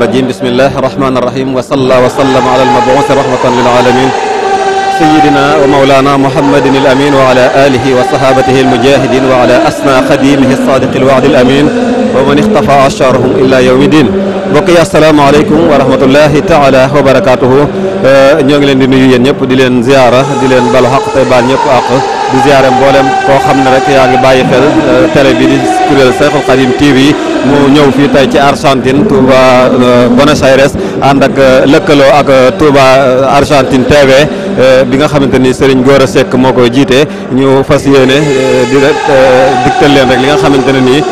rajim bismillahi rahmaani rahim wa salla wa sallam ala almabuus rahmatan lil alamin sayidina wa maulana muhammadin al amin wa ala alihi wa sahabatihi almujahidin wa ala asna xadimihi sadiqi alwaadi al amin wa man ixtafa asharahum ila yawmi din mbokk yi asalaamaaleykum wa rahmatullahi taala wa barakatuhu ñoo ngi leen di nuyu yéen ñëpp di leen ziara di leen bal xaq tey baal ñëpp àq di ziare mboolem koo xam ne rek yaa ngi bàyyi xel euh, télé bi di kuréel Seexul Xadim TV mu ñëw fii tey ci Argentine Touba euh, Buenos Aires ànd ak euh, lëkkaloo ak Touba Argentine TV bi nga xamante ni Serigne Gora Seck moo koy jiite ñu fas yéene di digtal leen rek li nga xamante ne nii.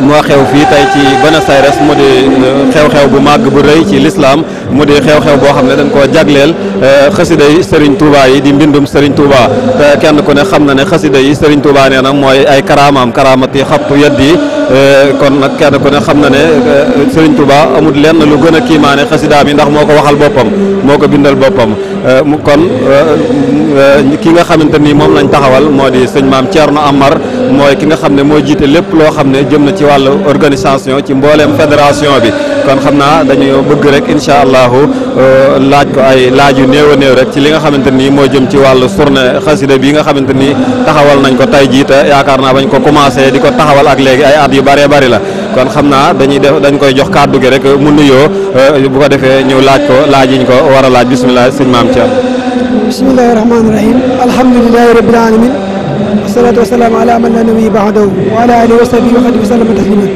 moo xew fii tey ci Buenos Aires mu di euh, xew-xew bu màgg bu rëy ci lislaam mu di xew-xew boo xam ne dañ koo jagleel euh, xasida yi sëriñ Touba yi di mbindum sëriñ Touba te kenn ku ne xam na ne xasida yi Serigne nee na mooy ay karaamaam karaamati xattu yedd yi euh, kon nag kenn ku ne xam na ne Serigne Touba amul lenn lu gën a kiimaane xasidaam yi ndax moo ko waxal boppam moo ko bindal boppam kon ki nga xamante ni moom lañ taxawal moo di sëñ maam Thierno Amar mooy ki nga xam ne moo jiite lépp loo xam ne jëm na ci wàllu organisation ci mbooleem fédération bi kon xam naa dañu bëgg rek incha allahu euh, laaj ko ay laaj yu néew a néew rek ci li nga xamante nii moo jëm ci wàllu journée xasida bi nga xamante nii taxawal nañ ko tay jiita yaakaar naa bañ ko commencé di ko taxawal ak léegi ay at yu bëree bari la kon xam naa dañuy def dañ koy jox kàddu gi rek mu nuyoo euh, bu ko defee ñu laaj ko laaj yiñ ko war a laaj bisimilah sëñ maam Thierno bisimilahi rahmaani rahim alhamdulilahi wasalaatu wasalaamu ala man la nabi ba'dahu wa ala alihi wa sahbihi wa xadim wa sallama tasliman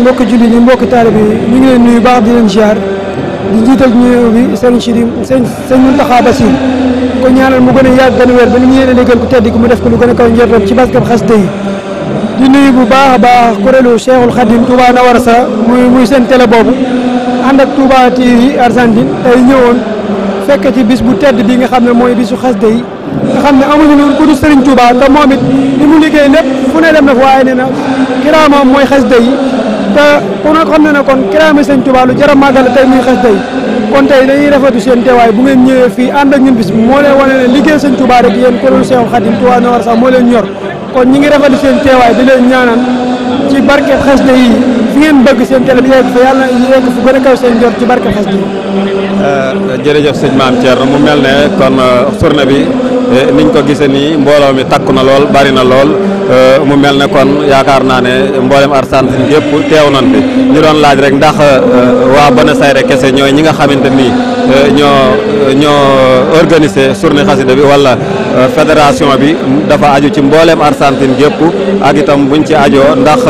mbokki julli ñi mbokki taalibe yi ñu ngi leen nuyu baax di leen ziar di jiital ñëw bi sëriñ Sidim sëriñ sëriñ Muntaxa Basiir ko ñaanal mu gën a yàgg gën a wér ba li ñu yéene liggéeyal ku tedd ku mu def ko lu gën a kaw njortam ci baskab xasida yi di nuyu bu baax a baax kuréelu Cheikhul Khadim Touba Nawarsa muy muy seen télé boobu ànd ak Touba TV Argentine tey ñëwoon fekk ci bis bu tedd bi nga xam ne mooy bisu xasida yi xam ne amuñu lu ku du Serigne Touba te moom it li mu liggéey lépp fu ne dem na fa waaye nee kiraamam mooy xasida yi te ku ne xam ne ne kon kiraama Serigne Touba lu jar a màggal tey muy xasida yi kon tey dañuy rafetlu seen teewaay bu ngeen ñëwee fii ànd ak ñun bis bi ne liggéey Serigne Touba yéen kuréelu Seexul Xadim Touba sax moo leen ñor kon ñi ngi rafetlu seen teewaay di leen ñaanal ci barke xasida yi fi ngeen bëgg seen télé bi yegg fa yàlla yegg fu gën a kaw seen jot ci barke xasida yi euh, jërëjëf sëñ Maam Thierno mu mel ne kon journée euh, bi Eh, niñ ko gisee nii mbooloo mi takku na lool bari na lool eh, mu mel ne kon yaakaar naa ne mboolem arsan yëpp teew nañ fi ñu doon laaj rek ndax eh, waa Buenos Aires kese ñooy ñi nga xamante nii ñoo ñoo organiser journée xasida bi wala fédération bi dafa aju ci mbooleem Argentine gépp ak itam buñ ci ajoo ndax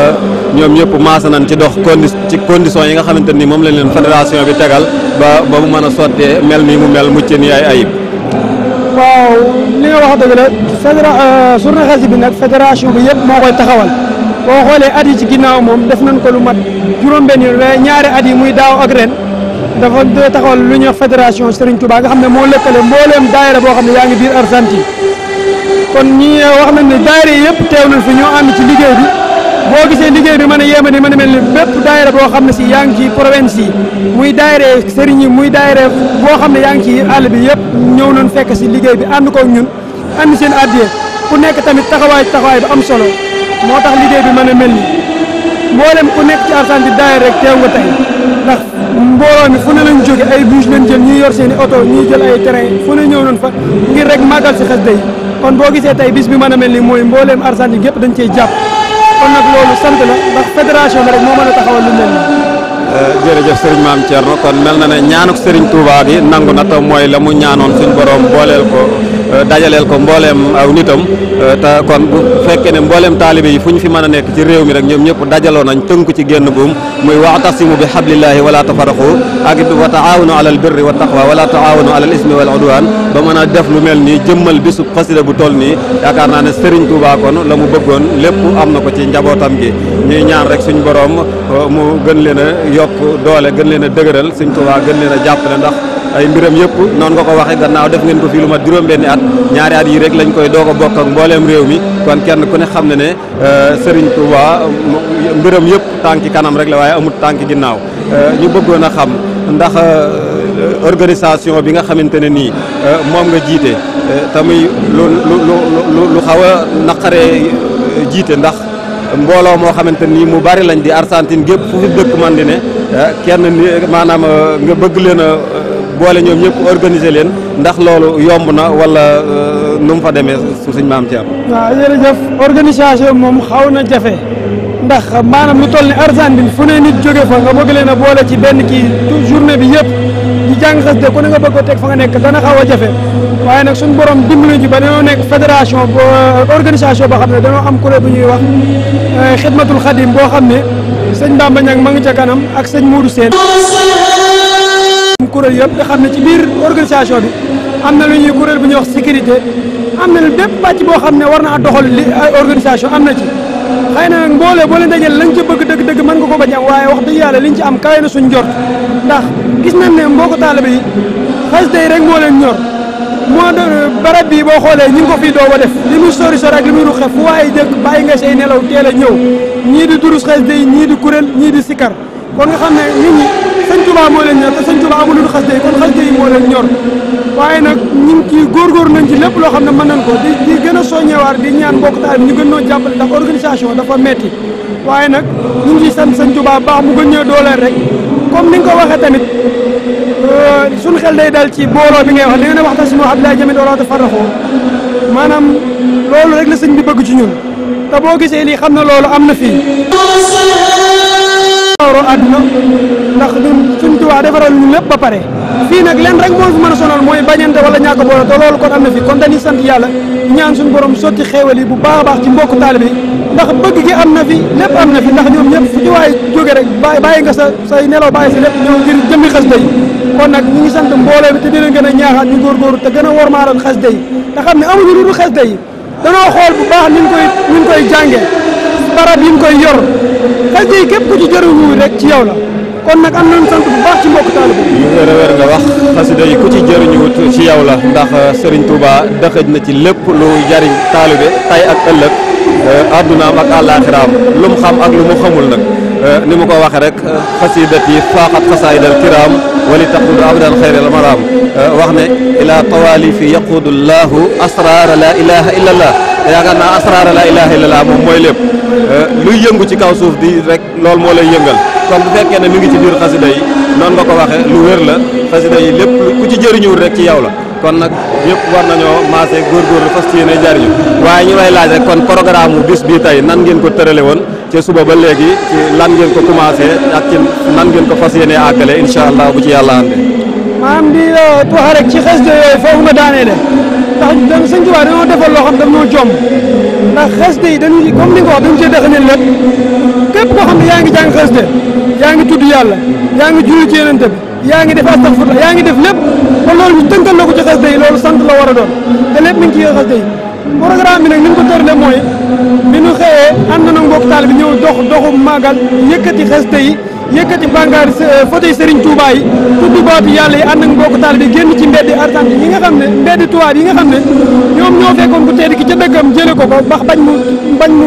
ñoom ñëpp maas nañ ci dox condi ci condition yi nga xamante ni moom lañ leen fédération bi tegal ba ba mu mën a sottee mel mii mu mel mucc ni ay ayib waaw li nga wax dëgg la fédéra euh, journée xasida bi nag fédération bi yëpp moo koy taxawal boo xoolee at yi ci ginnaaw moom def nañ ko lu mat juróom-benn yoon waaye ñaari at yi muy daaw ak ren dafa taxawal lu ñuy wax fédération Serigne Touba nga xam ne moo lëkkale mbooleem daayira boo xam ne yaa ngi biir Argentine kon ñi wax na ne daayira yëpp teew nañ fi ñoo ànd ci liggéey bi. boo gisee liggéey bi mën a yéeme di mën a mel ni bépp daayira boo xam ne si yaa ngi ci province yi muy daayira sëriñ yi muy daayira boo xam ne yaa ngi ci àll bi yëpp ñëw nañ fekk si liggéey bi ànd ko ñun ànd seen addiye ku nekk tamit taxawaay taxawaay am solo moo tax liggéey bi mën a mel nii mboolem ku nekk ci Arsane di daayira rek teew nga tey ndax mbooloo mi fu ne lañ jóge ay bus lañ jël ñuy yor seen i oto ñuy jël ay train fu ne ñëw nañ fa ngir rek màggal si xasida yi gisee tey bis bi mën a mel ni mooy mbooleem Arsane yi gépp dañ cey jàpp kon nag loolu sant la ndax fédération bi rek moo mën a taxawal lu mel nii Eh, jërëjëf sëriñ maam Thierno kon mel na ne ñaanuk sëriñ Touba bi nangu na te mooy la mu ñaanoon suñ borom booleel ko eh, dajaleel ko mbooleem aw nitam eh, te kon bu fekkee ne mbooleem taalibe yi fu ñu fi mën a nekk ci réew mi rek ñoom ñëpp dajaloo nañ tënk ci génn buum muy waxtasimu bi hablillahi wala tafaraqu ak wa taawanu alal birri wa taqwa wala taawanu alal ismi wal udwan ba mën a def lu mel nii jëmmal bisu xasida bu toll nii yaakaar naa ne sëriñ Touba kon la mu bëggoon lépp am na ko ci njabootam gi ñuy ñaan yokk doole gën leen a dëgëral sëñ Tuubaa gën leen a jàppale ndax ay mbiram yëpp noonu nga ko waxee gannaaw def ngeen ko fii lu mat juróom-benni at ñaari at yi rek lañ koy doog a bokk mbooleem réew mi kon kenn ku ne xam ne ne euh, Serigne Touba euh, mbiram yëpp tànki kanam rek la waaye amut tànki ginnaaw euh, ñu bëggoon a xam ndax organisation bi nga xamante ne nii moom nga jiite tamuy lu lu lu lu xaw a naqaree jiite ndax. mbooloo moo xamante nii mu bari lañ di Argentine gépp fu fi dëkk man ne eh, kenn maanaam eh, nga bëgg leen a eh, boole ñoom ñëpp organiser leen ndax loolu yomb na wala nu mu fa demee su suñ maam ci am waaw jërëjëf organisation moom xaw na jafe ndax maanaam lu toll ni Argentine fu ne nit jóge fa nga bëgg leen a boole ci benn kii journée bi yëpp jàng xasida ku ne nga bëgg ko teg fa nga nekk dana xaw a jafe waaye nag suñu borom dimbali ji ba dañoo nekk fédération euh, organisation boo xam ne dañoo am kuréel bu ñuy wax euh, xidmatul xadim boo xam ne sëñ Bamba Ñaŋ ma ngi ca kanam ak sëñ Mourou Sène kuréel yëpp xam ne ci biir organisation bi am na lu ñuy kuréel bu ñuy wax sécurité am na lu bépp pàcc boo xam ne war naa doxal li organisation am na ci xay na nag mboolee boo leen dajale lañ ca bëgg dëgg dëgg mën nga ko bañ am waaye wax dëgg yàlla liñ ci am kawe na suñ jot ndax gis nañ ne mboo ko taalibe yi xasida yi rek moo leen ñor moo barab bii boo xoolee ñu ngi ko fii doo ba def li muy sori sori ak li muy ruxe fu waaye jëkk bàyyi nga say nelaw teel a ñëw ñii di durus xasida yi ñii di kuréel ñii di sikar kon nga xam ne nit ñi sëñ Touba moo leen ñor te sëñ Touba amul lu xasida yi kon xasida yi moo leen ñor waaye nag ñu ngi ciy góorgóor nañ ci lépp loo xam ne mën nañ ko di di gën a soññewaar di ñaan mbokk taal ñu gën noo jàppale ndax organisation dafa metti waaye nag ñu ngi ciy sant sëñ Touba baax mu gën ñoo dooleel rek comme ni nga ko waxee tamit euh, suñu xel day dal ci booloo bi ngay wax da ngeen a si moo xam ne daal jëmee wala faraxoo maanaam loolu rek la sañ bi bëgg ci ñun te boo gisee lii xam na loolu am na fii loolu àdduna ndax ñun suñ tuwaa defaral ñu lépp ba pare fii nag leen rek moo fi mën a sonal mooy bañante wala ñàkk boole te loolu kon am na fi kon dañuy sant yàlla ñaan suñu borom sotti xéewal yi bu baax a baax ci mbokk taalibe yi ndax bëgg gi am na fi na fi ndax ñoom ñëpp fu ci waay jóge rek bàyyi nga sa say nelaw bàyyi sa lépp ñoo ngir jëmmi xasida yi kon nag ñu ngi sant mbooloo bi te dina gën a ñaaxaat ñu góorgóorlu te gën a wormaalal xasida te xam ne amuñu lu dul xasida yi danoo xool bu baax niñ koy niñ koy barab yi mu koy yor xasida képp ku ci jëriñu ci yow la kon nag am nañ sant bu ci mbokk taalibe yi wér wér nga wax xasida yi ku ci jëriñuwut ci yow ndax euh, Serigne Touba dëxëj na ci lépp lu jariñ taalibe tay ak ëllëg addunaam euh, ak àllaaxiraam lu mu xam ak lu mu xamul euh, ni mu ko waxee rek xasidati faaxat xasaayidal kiraam wali taqud abadan xayril maraam wax ila tawalifi yaqudu llahu asrara la ilaha illa allah te yaakaar naa asraara la ilaha illallah moom mooy lépp eh, luy yëngu ci kaw suuf di rek loolu moo lay yëngal kon bu fekkee ne mi ngi ci biir xasida yi noonu la ko waxee lu wér la xasida yi lépp ku ci jëriñuwul rek ci yow la kon nag ñëpp war nañoo maase góorgóorlu fas yéene jariñu waaye ñu lay laaj rek kon programme bu bis bii tey nan ngeen ko tërale woon ca suba ba léegi ci lan ngeen ko commencé ak ci nan ngeen ko fas yéene àggale incha allah bu ci yàlla ànde ndax dañ sëñ Tuubaa dañoo defal loo xam daf ñoo jomb ndax xasida yi dañuy comme ni nga wax dañu cee dexaneen lépp képp koo xam ne yaa ngi jàng xasida yaa ngi tudd yàlla yaa ngi julli ci yeneen bi yaa ngi def astaghfirullah yaa ngi def lépp kon loolu ñu tënkal la ko ci xasida yi loolu sant la war a doon te lépp mi ngi ci xasida yi programme bi nag ni ñu ko tërale mooy bi ñu xëyee ànd na mbokk taal bi ñëw dox doxu màggal yëkkati xasida yi yëkkati bàngaar euh, photo Serigne Touba yi tudd baatu yàlla yi ànd ak mbokk taalibe di génn ci mbeddi artante yi nga xam ne mbeddi tubaab yi nga xam ne ñoom ñoo fekkoon ku tedd ki ca dëggam jële ko ko bax bañ mu bañ mu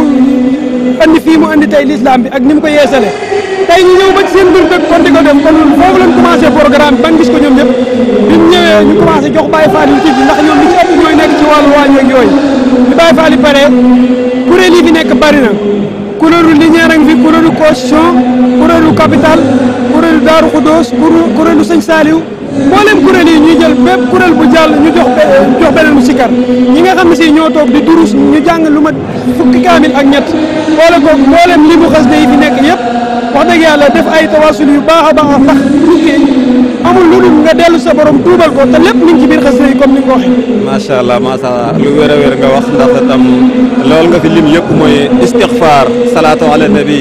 andi fii mu andi tey l'islam bi ak ni mu ko yeesale tey ñu ñëw ba ci seen mbir dëkk kon di ko def kon foofu lañ commencé programme ban gis ko ñoom ñëpp bi mu ñëwee ñu commencé jox Baye Fall yi ci ndax ñoom li ci ëpp ñooy nekk ci wàllu waañ kuréelu capital kuréelu Daaru Xudóos kuréelu Sëñ Saaliw mboolem kuréel yi ñuy jël bépp kuréel bu jàll ñu jox beneen mu sikkar ñi nga xam ne si ñoo toog di durus ñu jàng lu mat fukki kaamil ak ñett boole ko mboolem li mu xas yi fi nekk yëpp wax dëgg yàlla def ay tawasul yu baax a baax a sax amul lu dul nga dellu sa borom tuubal ko te lépp mi ngi ci biir xasida yi comme ni nga ko waxee. allah macha allah lu wér a wér nga wax ndax tam loolu nga fi lim yëpp mooy istixfaar salaatu ala nabi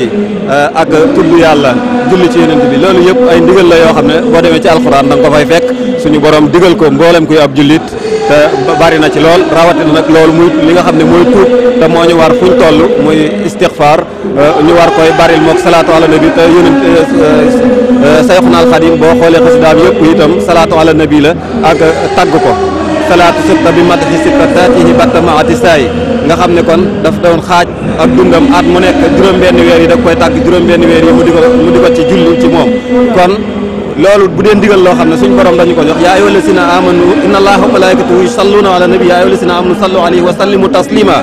eh, ak tudd yàlla julli ci yeneen bi loolu yëpp ay ndigal la yoo xam ne boo demee ci alxuraan da nga ko fay fekk suñu borom digal ko mboolem kuy ab jullit. te bari na ci lool rawatina nag loolu muy li nga xam ne mooy tuub te moo ñu war fuñ toll muy istixfaar euh, ñu war koy baril mook salaatu ala nabi te yonent euh, euh, Sayxuna Alxadim boo xoolee xasidaam yëpp itam salaatu na nabi la ak tagg ko salaatu sitta bi madaxi sitta taatihi batta saay nga xam ne kon dafa doon xaaj ak dundam at mu nekk juróom-benn weer yi da koy tàgg juróom-benn weer yi mu di ko mu di ko ci julli ci moom kon loolu bu dee ndigal loo xam ne suñu borom dañu ko jox yaa ayyuha lasina amanu inna allaha wa malaikatahu yusalluna ala nabi yaa ayyuha lasina amanu taslima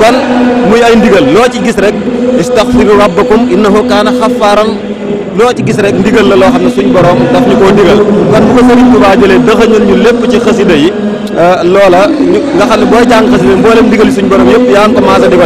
kon muy ay ndigal loo ci gis rek istaghfiru rabbakum innahu kaana xafaaran loo ci gis rek ndigal la loo xam ne suñ borom ñu koo ndigal kon bu ko Sëriñ Tuubaa jëlee dëxañal ñu lépp ci xasida yi euh, loola nga xam ne booy jàng xasida mboolem ndigal yi suñ borom yëpp yaa ngi commencé di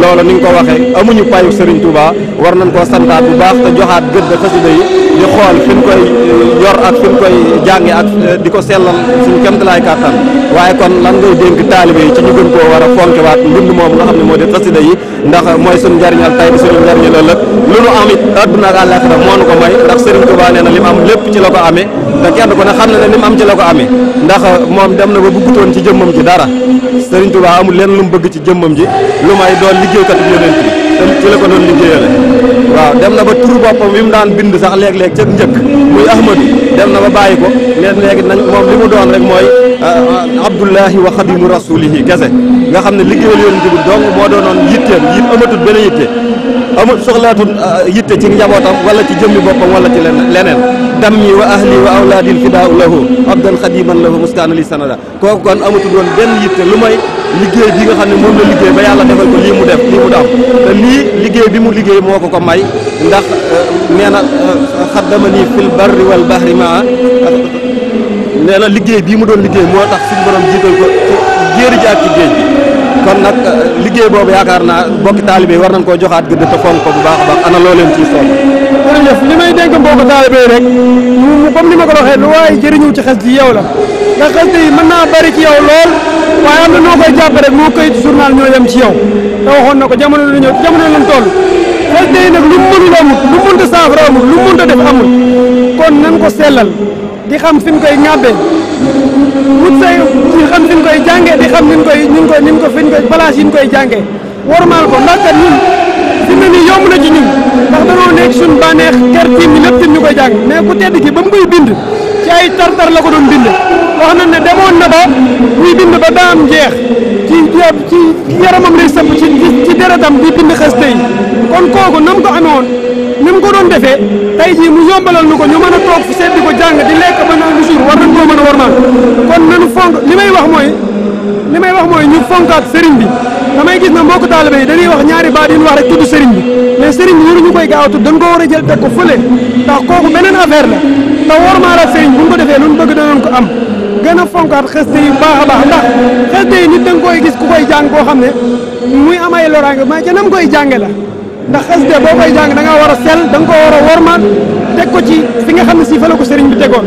loola ni nga ko waxee amuñu payu Serigne Touba war nañ koo santaat bu baax te joxaat gëdd xasida yi di xool fi ñu koy eh, yor ak fi ñu koy jànge ak eh, di ko sellal suñu kemtalaay kàttan waaye kon lan ngay dénk taalibe yi ci ñu gën koo war a fonkewaat mbind moom nga xam ne moo di xasida yi ndax mooy suñu njariñal tay bi suñu njariñal ëllëg lu nu am adduna ak àllaaxira moo nu ko may ndax Serigne Touba nee na li mu am lépp ci la ko amee te kenn ku ne xam na ne am ci la ko amee ndax moom dem na ba bëggutoon ci jëmmam ji dara Serigne Touba amul lenn lu mu bëgg ci jëmmam ji liggéeykat bi yonent bi ci la ko doon liggéeyale waaw dem na ba turu boppam bi mu daan bind sax léeg-léeg ca njëkk muy ahmadu dem na ba bàyyi ko leen léegi nañ moom li mu doon rek mooy euh, abdullahi wa xadimu rasulihi kese nga xam ne liggéeyal yonent bi dong moo doon yitteem yit amatut benn yitte amut soxlaatut euh, yitte ci njabootam wala ci jëmmi boppam wala ci leneen dammi wa ahli wa awlaadil fidaa lahu abdan xadiman lahu muskaana li sanada kooku kon amatu doon benn yitte lu may liggéey bi nga xam ne moom la liggéey ba yàlla defal liggéey bi mu liggéey moo ko ko may ndax euh, nee na euh, xaddamani fil barri wal bahri maa nee na liggéey bii mu doon liggéey moo tax suñu borom ko jéeri ji ak ci géej bi kon nag euh, liggéey boobu yaakaar naa bokki taalibe war nañ koo joxaat gëdd te ko bu baax a baax ana loo leen ciy soog jërëjëf li may dénk mbokku taalibe rek mu comme ni ma ko waxee lu waaye jëriñu ci xas ji yow la ndax xas yi mën naa bari ci yow lool waaye am na noo koy jàpp rek moo koy journal ñoo dem ci yow te waxoon na ko jamono lu ñëw jamono lañ toll xas yi nag lu mënul amul lu mënta saafara amul lu mënta def amul kon nan ko sellal di xam fi mu koy ñàbbee wut say di xam fi mu koy jàngee di xam ni mu koy ni koy ni mu ko fi mu koy balance yi mu koy jàngee warmaal ko ndax kat ñun suñ bànneex ker tiim yi lépp tiim ñu koy jàng mais ku tedd ki ba mu koy bind ci ay tartar la ko doon bind wax na ne demoon na ba muy bind ba daam jeex ci ci yaramam lay sëpp ci ci deretam di bind xëste yi kon kooku na mu ko amee woon ni mu ko doon defee tey jii mu yombalal nu ko ñu mën a toog fi seet ko jàng di lekk ba naan lu jour war nañ koo a war maan kon nanu fonk li may wax mooy li may wax mooy ñu fonkaat sëriñ bi damay gis na mbokk taalibe yi dañuy wax ñaari baat yu wax rek tudd sëriñ bi mais sëriñ bi waruñu koy gaaw a tudd dañ ko war a jël teg ko fële ndax kooku beneen affaire la te war sëriñ bu ñu ko defee lu ñu bëgg danañ ko am gën a fonkaat xeste yi baax baax ndax xeste yi nit da nga gis ku koy jàng koo xam ne muy am ay loraange mais ca nam koy jànge la ndax xeste boo koy jàng da nga war a sell da war a wormaat teg ko ci fi nga xam ne si la ko sëriñ bi tegoon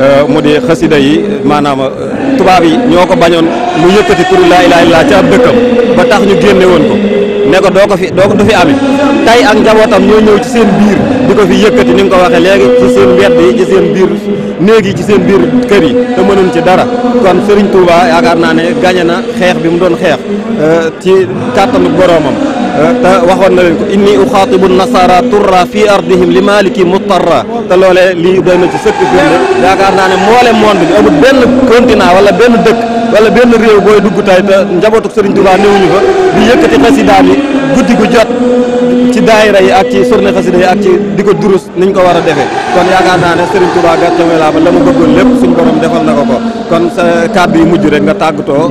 Euh, mu di xasida yi maanaam euh, tubaab yi ñoo ko bañoon mu yëkkati pour laa ilaaha illallaah ci ab dëkkam ba tax ñu génne woon ko ne doo ko fi doo ko du fi amee tey ak njabootam ñoo ñëw ci seen biir di ko fi yëkkati ni nga ko waxee léegi ci seen wedd yi ci seen biir néeg yi ci seen biir kër yi te mënuñ ci dara kon Serigne Touba yaakaar naa ne gañe na xeex bi mu doon xeex euh, ci kàttanu boroomam. te waxoon na leen ko inni uxaatibu nasara turra fi ardihim li maliki mutarra te loolee lii doy na ci sëkk firnde yaakaar naa ne mboolem monde bi amul benn continent wala benn dëkk wala benn réew booy dugg tay te njabootu Sëriñ Tuubaa néewuñu fa di yëkkati xasida bi guddi gu jot ci daayira yi ak ci sorne xasida yi ak ci di ko durus niñ ko war a defee kon yaakaar naa ne Serigne Touba gàcce may laa ba la mu bëggoon lépp suñ borom defal na ko ko kon sa kàddu yi mujj rek nga tàggatoo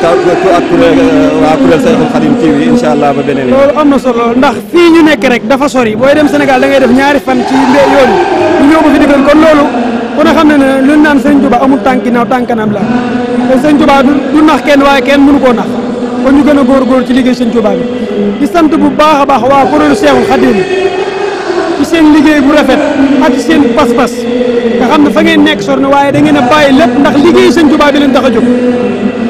tàggatu eh, ak kuréel eh, waa kuréel Sayxul Xadim TV incha allah ba beneen loolu am na solo ndax fii ñu nekk rek dafa yi booy dem Sénégal da ngay def ñaari fan ci mbé yoon ñu ñëw ba fi digal kon loolu ku ne xam ne ne lu naan Serigne Touba amul tànk ginnaaw tànk kanam la Serigne Touba du nax kenn waaye kenn mënu koo nax kon gën a góorgóor ci liggéey Serigne Touba bi di sant bu baax a baax waa kuréelu Seexul Xadim ci seen liggéey bu rafet ak seen pas-pas nga xam ne fa ngeen nekk sor na waaye da ngeen a bàyyi lépp ndax liggéey sëñ Tuubaa bi leen tax a jóg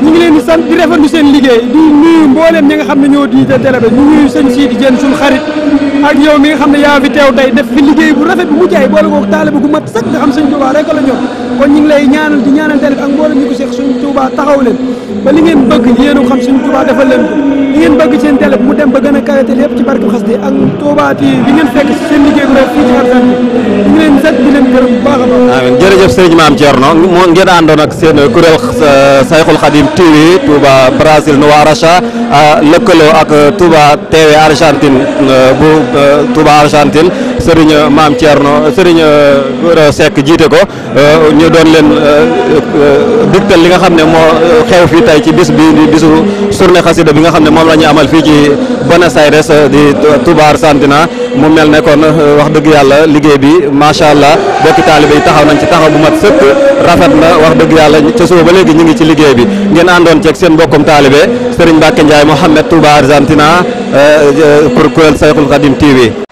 ñu ngi leen di sant di rafetlu seen liggéey di nuyu mbooleem ñi nga xam ne ñoo di télé bi ñu nuyu sëñ Sidi Diène suñu xarit ak yow mi nga xam ne yaa fi teew tey def fi liggéey bu rafet bu mucc ay boole kooku taaliba gu mat sax xam sëñ Touba rek la ñor kon ñu lay ñaanal di ñaanal teel ak mboolem ñu ko seex sëñ taxaw leen ba li ngeen bëgg yéen xam sëñ Touba defal leen li ngeen bëgg seen télé mu dem ba gën a kawete lépp ci barke xas de ak Touba TV li ngeen fekk seen liggéey bu rafet fii ci Argentine ñu ngi leen sant di leen gërëm bu baax a baax amiin jërëjëf seen kuréel euh, Euh, Touba Argentine Serigne euh, Maam Thierno euh, Serigne Seck jiite ko ñu doon leen diktal li nga xam ne moo xew fii tey ci bis bi di bisu journée xasida bi nga xam ne moom la ñu amal fii ci Buenos Aires di Touba Argentina mu mel nekkoon kon wax dëgg yàlla liggéey bi macha allah bokki taalibe yi taxaw nañ ci taxaw bu mat sëkk rafet na wax dëgg yàlla ca suba ba léegi ñu ngi ci liggéey bi ngeen àndoon ceeg seen mbokkum taalibe Serigne Mbacke Ndiaye Mouhamed Touba Argentina Euh, euh, kuréel Sayxul Xadim TV